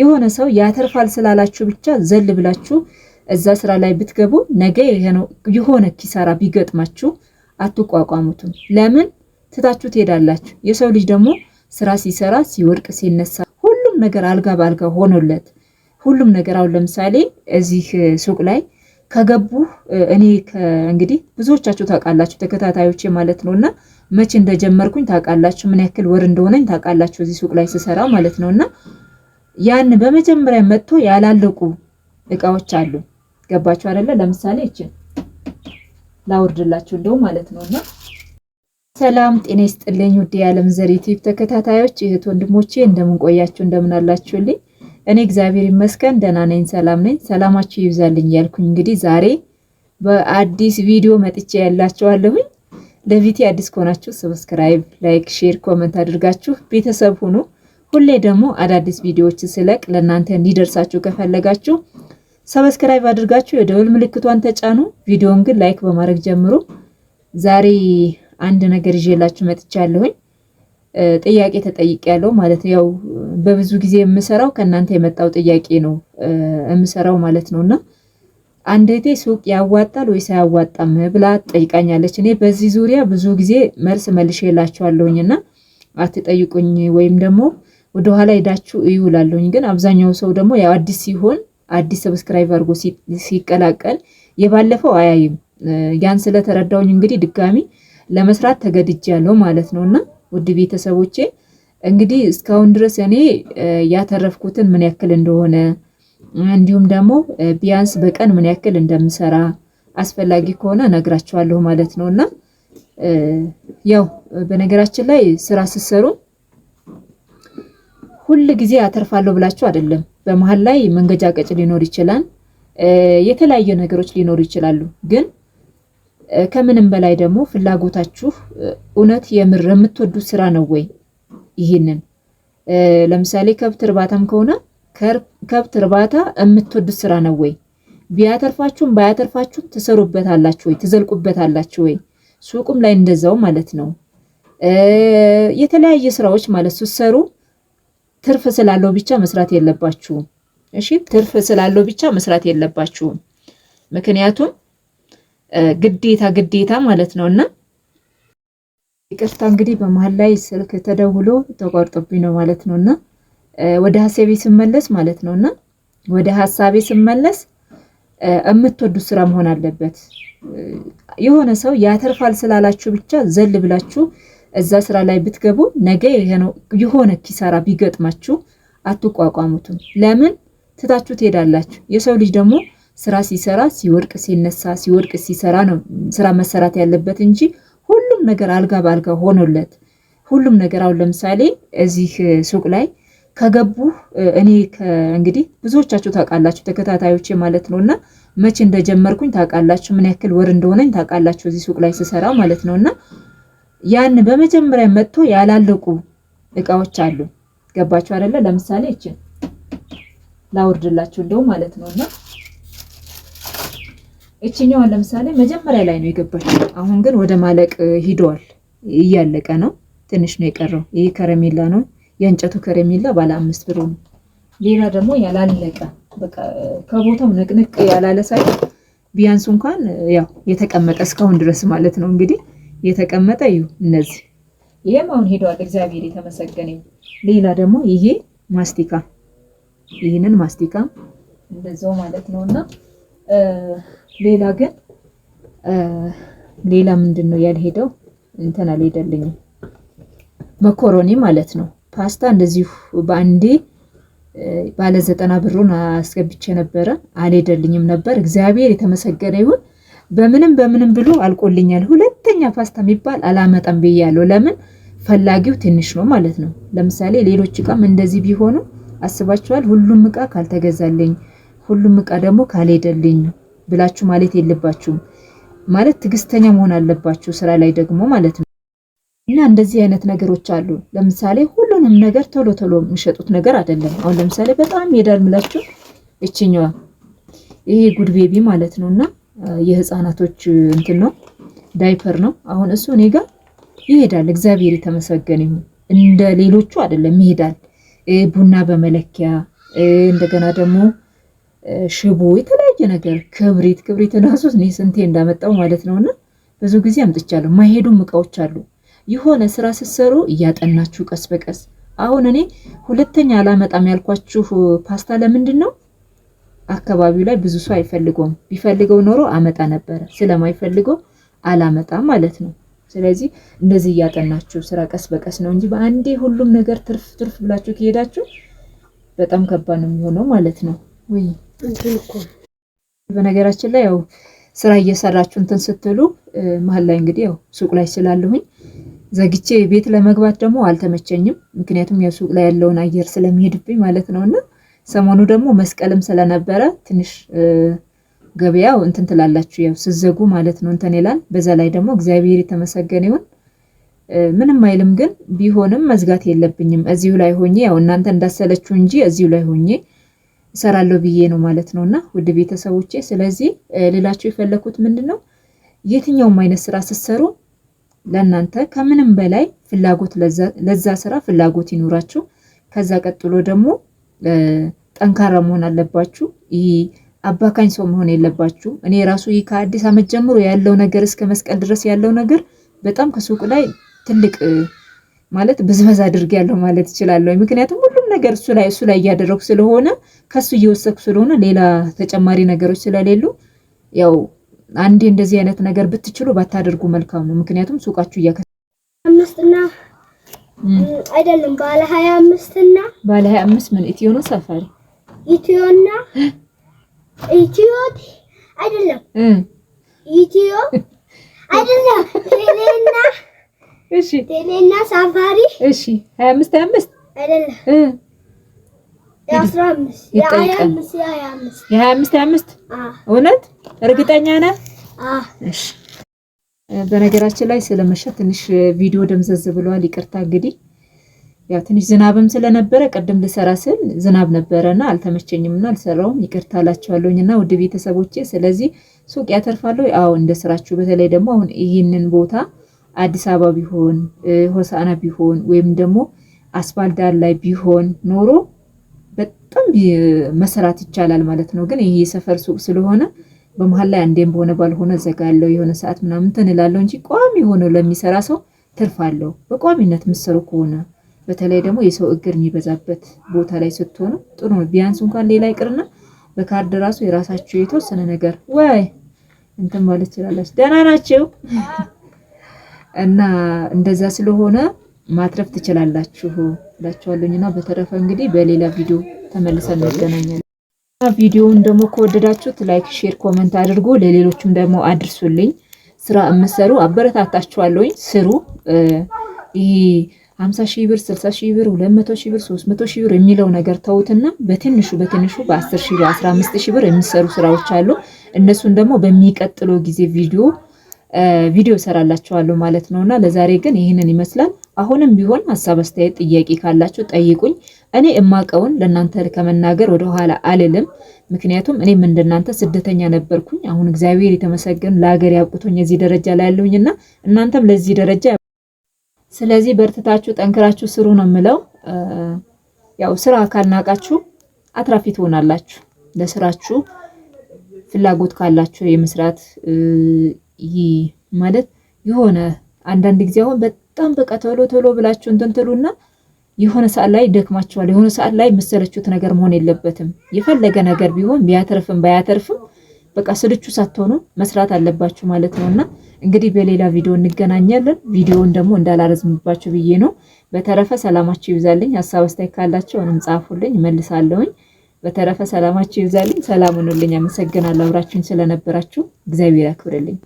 የሆነ ሰው ያተርፋል ስላላችሁ ብቻ ዘል ብላችሁ እዛ ስራ ላይ ብትገቡ ነገ የሆነ ኪሳራ ቢገጥማችሁ አትቋቋሙትም። ለምን ትታችሁ ትሄዳላችሁ? የሰው ልጅ ደግሞ ስራ ሲሰራ ሲወድቅ ሲነሳ ሁሉም ነገር አልጋ በአልጋ ሆኖለት ሁሉም ነገር አሁን ለምሳሌ እዚህ ሱቅ ላይ ከገቡ እኔ እንግዲህ ብዙዎቻችሁ ታውቃላችሁ ተከታታዮቼ ማለት ነው እና መቼ እንደጀመርኩኝ ታውቃላችሁ፣ ምን ያክል ወር እንደሆነኝ ታውቃላችሁ፣ እዚህ ሱቅ ላይ ስሰራ ማለት ነው እና ያን በመጀመሪያ መጥቶ ያላለቁ እቃዎች አሉ። ገባችሁ አይደለ? ለምሳሌ እችን ላውርድላችሁ እንደው ማለት ነውና ሰላም ጤና ይስጥልኝ ውድ የዓለም ዘር ዩቲዩብ ተከታታዮች እህት ወንድሞቼ፣ እንደምን ቆያችሁ? እንደምን አላችሁልኝ? እኔ እግዚአብሔር ይመስገን ደህና ነኝ፣ ሰላም ነኝ። ሰላማችሁ ይብዛልኝ ያልኩኝ እንግዲህ ዛሬ በአዲስ ቪዲዮ መጥቼ ያላችኋለሁኝ። ለቪቲ አዲስ ከሆናችሁ ሰብስክራይብ፣ ላይክ፣ ሼር፣ ኮመንት አድርጋችሁ ቤተሰብ ሁኑ። ሁሌ ደግሞ አዳዲስ ቪዲዮዎች ስለቅ ለእናንተ እንዲደርሳችሁ ከፈለጋችሁ ሰብስክራይብ አድርጋችሁ የደውል ምልክቷን ተጫኑ። ቪዲዮውን ግን ላይክ በማድረግ ጀምሩ። ዛሬ አንድ ነገር ይዤላችሁ መጥቻለሁኝ። ጥያቄ ተጠይቅ ያለው ማለት ያው በብዙ ጊዜ የምሰራው ከእናንተ የመጣው ጥያቄ ነው የምሰራው ማለት ነው እና አንድ እህቴ ሱቅ ያዋጣል ወይስ አያዋጣም ብላ ጠይቃኛለች። እኔ በዚህ ዙሪያ ብዙ ጊዜ መልስ መልሼ ላችኋለሁኝ እና አትጠይቁኝ ወይም ደግሞ ወደኋላ ሄዳችሁ እዩ እላለሁኝ። ግን አብዛኛው ሰው ደግሞ ያው አዲስ ሲሆን አዲስ ሰብስክራይብ አድርጎ ሲቀላቀል የባለፈው አያይም። ያን ስለተረዳውኝ እንግዲህ ድጋሚ ለመስራት ተገድጃለሁ ማለት ነው እና ውድ ቤተሰቦቼ እንግዲህ እስካሁን ድረስ እኔ ያተረፍኩትን ምን ያክል እንደሆነ እንዲሁም ደግሞ ቢያንስ በቀን ምን ያክል እንደምሰራ አስፈላጊ ከሆነ እነግራችኋለሁ ማለት ነው እና ያው በነገራችን ላይ ስራ ስትሰሩ ሁል ጊዜ አተርፋለሁ ብላችሁ አይደለም። በመሀል ላይ ቀጭ ሊኖር ይችላል፣ የተለያዩ ነገሮች ሊኖሩ ይችላሉ። ግን ከምንም በላይ ደግሞ ፍላጎታችሁ እውነት የምር የምትወዱት ስራ ነው ወይ? ይህንን ለምሳሌ ከብት እርባታም ከሆነ ከብት እርባታ የምትወዱት ስራ ነው ወይ? ቢያተርፋችሁም ባያተርፋችሁም ትሰሩበታላችሁ ወይ? ትዘልቁበታላችሁ ወይ? ሱቁም ላይ እንደዛው ማለት ነው። የተለያየ ስራዎች ማለት ስትሰሩ ትርፍ ስላለው ብቻ መስራት የለባችሁም። እሺ ትርፍ ስላለው ብቻ መስራት የለባችሁም። ምክንያቱም ግዴታ ግዴታ ማለት ነው እና ይቅርታ እንግዲህ በመሀል ላይ ስልክ ተደውሎ ተቋርጦብኝ ነው ማለት ነው እና ወደ ሀሳቤ ስመለስ ማለት ነው እና ወደ ሀሳቤ ስመለስ የምትወዱት ስራ መሆን አለበት። የሆነ ሰው ያተርፋል ስላላችሁ ብቻ ዘል ብላችሁ እዛ ስራ ላይ ብትገቡ ነገ የሆነ ኪሳራ ቢገጥማችሁ አትቋቋሙትም። ለምን ትታችሁ ትሄዳላችሁ? የሰው ልጅ ደግሞ ስራ ሲሰራ ሲወድቅ ሲነሳ ሲወድቅ ሲሰራ ነው ስራ መሰራት ያለበት እንጂ ሁሉም ነገር አልጋ በአልጋ ሆኖለት ሁሉም ነገር አሁን ለምሳሌ እዚህ ሱቅ ላይ ከገቡ እኔ እንግዲህ ብዙዎቻችሁ ታውቃላችሁ ተከታታዮቼ ማለት ነው እና መቼ እንደጀመርኩኝ ታውቃላችሁ፣ ምን ያክል ወር እንደሆነኝ ታውቃላችሁ እዚህ ሱቅ ላይ ስሰራ ማለት ነው እና ያን በመጀመሪያ መጥቶ ያላለቁ እቃዎች አሉ። ገባችሁ አይደለ? ለምሳሌ እችን ላውርድላችሁ እንደው ማለት ነውና እችኛዋን ለምሳሌ መጀመሪያ ላይ ነው የገባችው። አሁን ግን ወደ ማለቅ ሂደዋል፣ እያለቀ ነው። ትንሽ ነው የቀረው። ይሄ ከረሜላ ነው የእንጨቱ ከረሜላ ባለ አምስት ብር ነው። ሌላ ደግሞ ያላለቀ በቃ ከቦታው ንቅንቅ ያላለ ሳይ ቢያንስ እንኳን ያው የተቀመጠ እስካሁን ድረስ ማለት ነው እንግዲህ የተቀመጠ እዩ። እነዚህ ይሄም አሁን ሄደዋል። እግዚአብሔር የተመሰገነ። ሌላ ደግሞ ይሄ ማስቲካ፣ ይህንን ማስቲካ እንደዛው ማለት ነው እና ሌላ ግን ሌላ ምንድን ነው ያልሄደው እንትን አልሄደልኝም። መኮሮኒ ማለት ነው ፓስታ እንደዚሁ በአንዴ ባለ ዘጠና ብሩን አስገብቼ ነበረ አልሄደልኝም ነበር። እግዚአብሔር የተመሰገነ ይሁን። በምንም በምንም ብሎ አልቆልኛል። ሁለተኛ ፓስታ የሚባል አላመጣም ብያለሁ። ለምን ፈላጊው ትንሽ ነው ማለት ነው። ለምሳሌ ሌሎች እቃም እንደዚህ ቢሆኑ አስባችኋል። ሁሉም እቃ ካልተገዛልኝ፣ ሁሉም እቃ ደግሞ ካልሄደልኝ ብላችሁ ማለት የለባችሁም። ማለት ትዕግስተኛ መሆን አለባችሁ ስራ ላይ ደግሞ ማለት ነው። እና እንደዚህ አይነት ነገሮች አሉ። ለምሳሌ ሁሉንም ነገር ቶሎ ቶሎ የሚሸጡት ነገር አይደለም። አሁን ለምሳሌ በጣም ይሄዳል ምላችሁ እችኛዋ ይሄ ጉድ ቤቢ ማለት ነው እና የህፃናቶች እንትን ነው ዳይፐር ነው። አሁን እሱ እኔ ጋር ይሄዳል። እግዚአብሔር የተመሰገነ ይሁን። እንደ ሌሎቹ አይደለም ይሄዳል። ቡና በመለኪያ እንደገና ደግሞ ሽቦ፣ የተለያየ ነገር ክብሪት ክብሪት ራሱ እኔ ስንቴ እንዳመጣው ማለት ነውና ብዙ ጊዜ አምጥቻለሁ። ማይሄዱም እቃዎች አሉ። የሆነ ስራ ስትሰሩ እያጠናችሁ ቀስ በቀስ አሁን እኔ ሁለተኛ አላመጣም ያልኳችሁ ፓስታ ለምንድን ነው አካባቢው ላይ ብዙ ሰው አይፈልገውም። ቢፈልገው ኖሮ አመጣ ነበረ። ስለማይፈልገው አላመጣም ማለት ነው። ስለዚህ እንደዚህ እያጠናችሁ ስራ ቀስ በቀስ ነው እንጂ በአንዴ ሁሉም ነገር ትርፍ ትርፍ ብላችሁ ከሄዳችሁ በጣም ከባድ ነው የሚሆነው ማለት ነው። ወይ በነገራችን ላይ ያው ስራ እየሰራችሁ እንትን ስትሉ መሀል ላይ እንግዲህ ያው ሱቅ ላይ ስላለሁኝ ዘግቼ ቤት ለመግባት ደግሞ አልተመቸኝም። ምክንያቱም ያው ሱቅ ላይ ያለውን አየር ስለሚሄድብኝ ማለት ነውና ሰሞኑ ደግሞ መስቀልም ስለነበረ ትንሽ ገበያው እንትን ትላላችሁ፣ ያው ስዘጉ ማለት ነው እንትን ይላል። በዛ ላይ ደግሞ እግዚአብሔር የተመሰገነ ይሁን ምንም አይልም፣ ግን ቢሆንም መዝጋት የለብኝም እዚሁ ላይ ሆኜ ያው እናንተ እንዳሰለችሁ እንጂ እዚሁ ላይ ሆኜ እሰራለሁ ብዬ ነው ማለት ነው። እና ውድ ቤተሰቦቼ፣ ስለዚህ ልላችሁ የፈለኩት ምንድን ነው የትኛውም አይነት ስራ ስትሰሩ ለእናንተ ከምንም በላይ ፍላጎት ለዛ ስራ ፍላጎት ይኑራችሁ። ከዛ ቀጥሎ ደግሞ ጠንካራ መሆን አለባችሁ። ይህ አባካኝ ሰው መሆን የለባችሁ። እኔ ራሱ ይህ ከአዲስ ዓመት ጀምሮ ያለው ነገር እስከ መስቀል ድረስ ያለው ነገር በጣም ከሱቅ ላይ ትልቅ ማለት ብዝበዛ አድርግ ያለው ማለት እችላለሁ። ምክንያቱም ሁሉም ነገር እሱ ላይ እሱ ላይ እያደረኩ ስለሆነ ከሱ እየወሰድኩ ስለሆነ ሌላ ተጨማሪ ነገሮች ስለሌሉ ያው አንዴ እንደዚህ አይነት ነገር ብትችሉ ባታደርጉ መልካም ነው። ምክንያቱም ሱቃችሁ እያከ አምስትና አይደለም ባለ ሀያ አምስትና ባለ ሀያ አምስት ምን ኢትዮ ነው ሰፋሪ ኢትዮና ኢትዮ አይደለም ኢትዮ አይደለም ቴሌና እሺ ቴሌና ሳፋሪ እሺ 25 25 አምስት የሀያ አምስት አምስት እውነት እርግጠኛ ነህ? በነገራችን ላይ ስለመሸ ትንሽ ቪዲዮ ደምዘዝ ብለዋል። ይቅርታ እንግዲህ ያው ትንሽ ዝናብም ስለነበረ ቅድም ልሰራ ስል ዝናብ ነበረና አልተመቸኝምና አልሰራውም። ይቅርታ አላችኋለሁኝና ውድ ቤተሰቦቼ። ስለዚህ ሱቅ ያተርፋለሁ። አዎ እንደ ስራችሁ። በተለይ ደግሞ አሁን ይህንን ቦታ አዲስ አበባ ቢሆን ሆሳና ቢሆን ወይም ደግሞ አስፋልት ዳር ላይ ቢሆን ኖሮ በጣም መስራት ይቻላል ማለት ነው። ግን ይሄ የሰፈር ሱቅ ስለሆነ በመሀል ላይ አንዴም በሆነ ባልሆነ ዘጋለው የሆነ ሰዓት ምናምን ትንላለሁ እንጂ ቋሚ ሆኖ ለሚሰራ ሰው ትርፋለሁ። በቋሚነት ምሰሩ ከሆነ በተለይ ደግሞ የሰው እግር የሚበዛበት ቦታ ላይ ስትሆኑ ጥሩ ነው። ቢያንስ እንኳን ሌላ ይቅርና በካርድ ራሱ የራሳችሁ የተወሰነ ነገር ወይ እንትን ማለት ትችላላችሁ። ደህና ናቸው እና እንደዛ ስለሆነ ማትረፍ ትችላላችሁ እላችኋለሁ። እና በተረፈ እንግዲህ በሌላ ቪዲዮ ተመልሰን እንገናኛለን። ቪዲዮውን ደግሞ ከወደዳችሁት ላይክ፣ ሼር፣ ኮመንት አድርጉ። ለሌሎችም ደግሞ አድርሱልኝ። ስራ የምትሰሩ አበረታታችኋለሁኝ። ስሩ ይሄ 50 ሺህ ብር፣ 60 ሺህ ብር፣ 200 ሺህ ብር፣ 300 ሺህ ብር የሚለው ነገር ተውትና በትንሹ በትንሹ በ10 ሺህ፣ በ15 ሺህ ብር የሚሰሩ ስራዎች አሉ። እነሱን ደግሞ በሚቀጥለው ጊዜ ቪዲዮ ቪዲዮ እሰራላችኋለሁ ማለት ነውና ለዛሬ ግን ይሄንን ይመስላል። አሁንም ቢሆን ሀሳብ፣ አስተያየት፣ ጥያቄ ካላችሁ ጠይቁኝ። እኔ እማቀውን ለእናንተ ከመናገር ወደኋላ አልልም። ምክንያቱም እኔ እንደናንተ ስደተኛ ነበርኩኝ። አሁን እግዚአብሔር የተመሰገን ለሀገር ያብቁቶኝ እዚህ ደረጃ ላይ ያለሁኝና እናንተም ለዚህ ደረጃ ስለዚህ በርትታችሁ ጠንክራችሁ ስሩ ነው የምለው። ያው ስራ ካልናቃችሁ አትራፊ ትሆናላችሁ። ለስራችሁ ፍላጎት ካላችሁ የመስራት ይህ ማለት የሆነ አንዳንድ ጊዜ አሁን በጣም በቃ ቶሎ ቶሎ ብላችሁ እንትን ትሉና የሆነ ሰዓት ላይ ደክማችኋል። የሆነ ሰዓት ላይ መሰለችሁት ነገር መሆን የለበትም። የፈለገ ነገር ቢሆን ቢያተርፍም ባያተርፍም በቃ ስልቹ ሳትሆኑ መስራት አለባችሁ ማለት ነው። እና እንግዲህ በሌላ ቪዲዮ እንገናኛለን። ቪዲዮውን ደግሞ እንዳላረዝምባችሁ ብዬ ነው። በተረፈ ሰላማችሁ ይብዛልኝ። ሀሳብ አስተያየት ካላቸው እኔም ጻፉልኝ፣ መልሳለሁኝ። በተረፈ ሰላማችሁ ይብዛልኝ። ሰላም ሁኑልኝ። አመሰግናለሁ አብራችሁኝ ስለነበራችሁ። እግዚአብሔር ያክብርልኝ።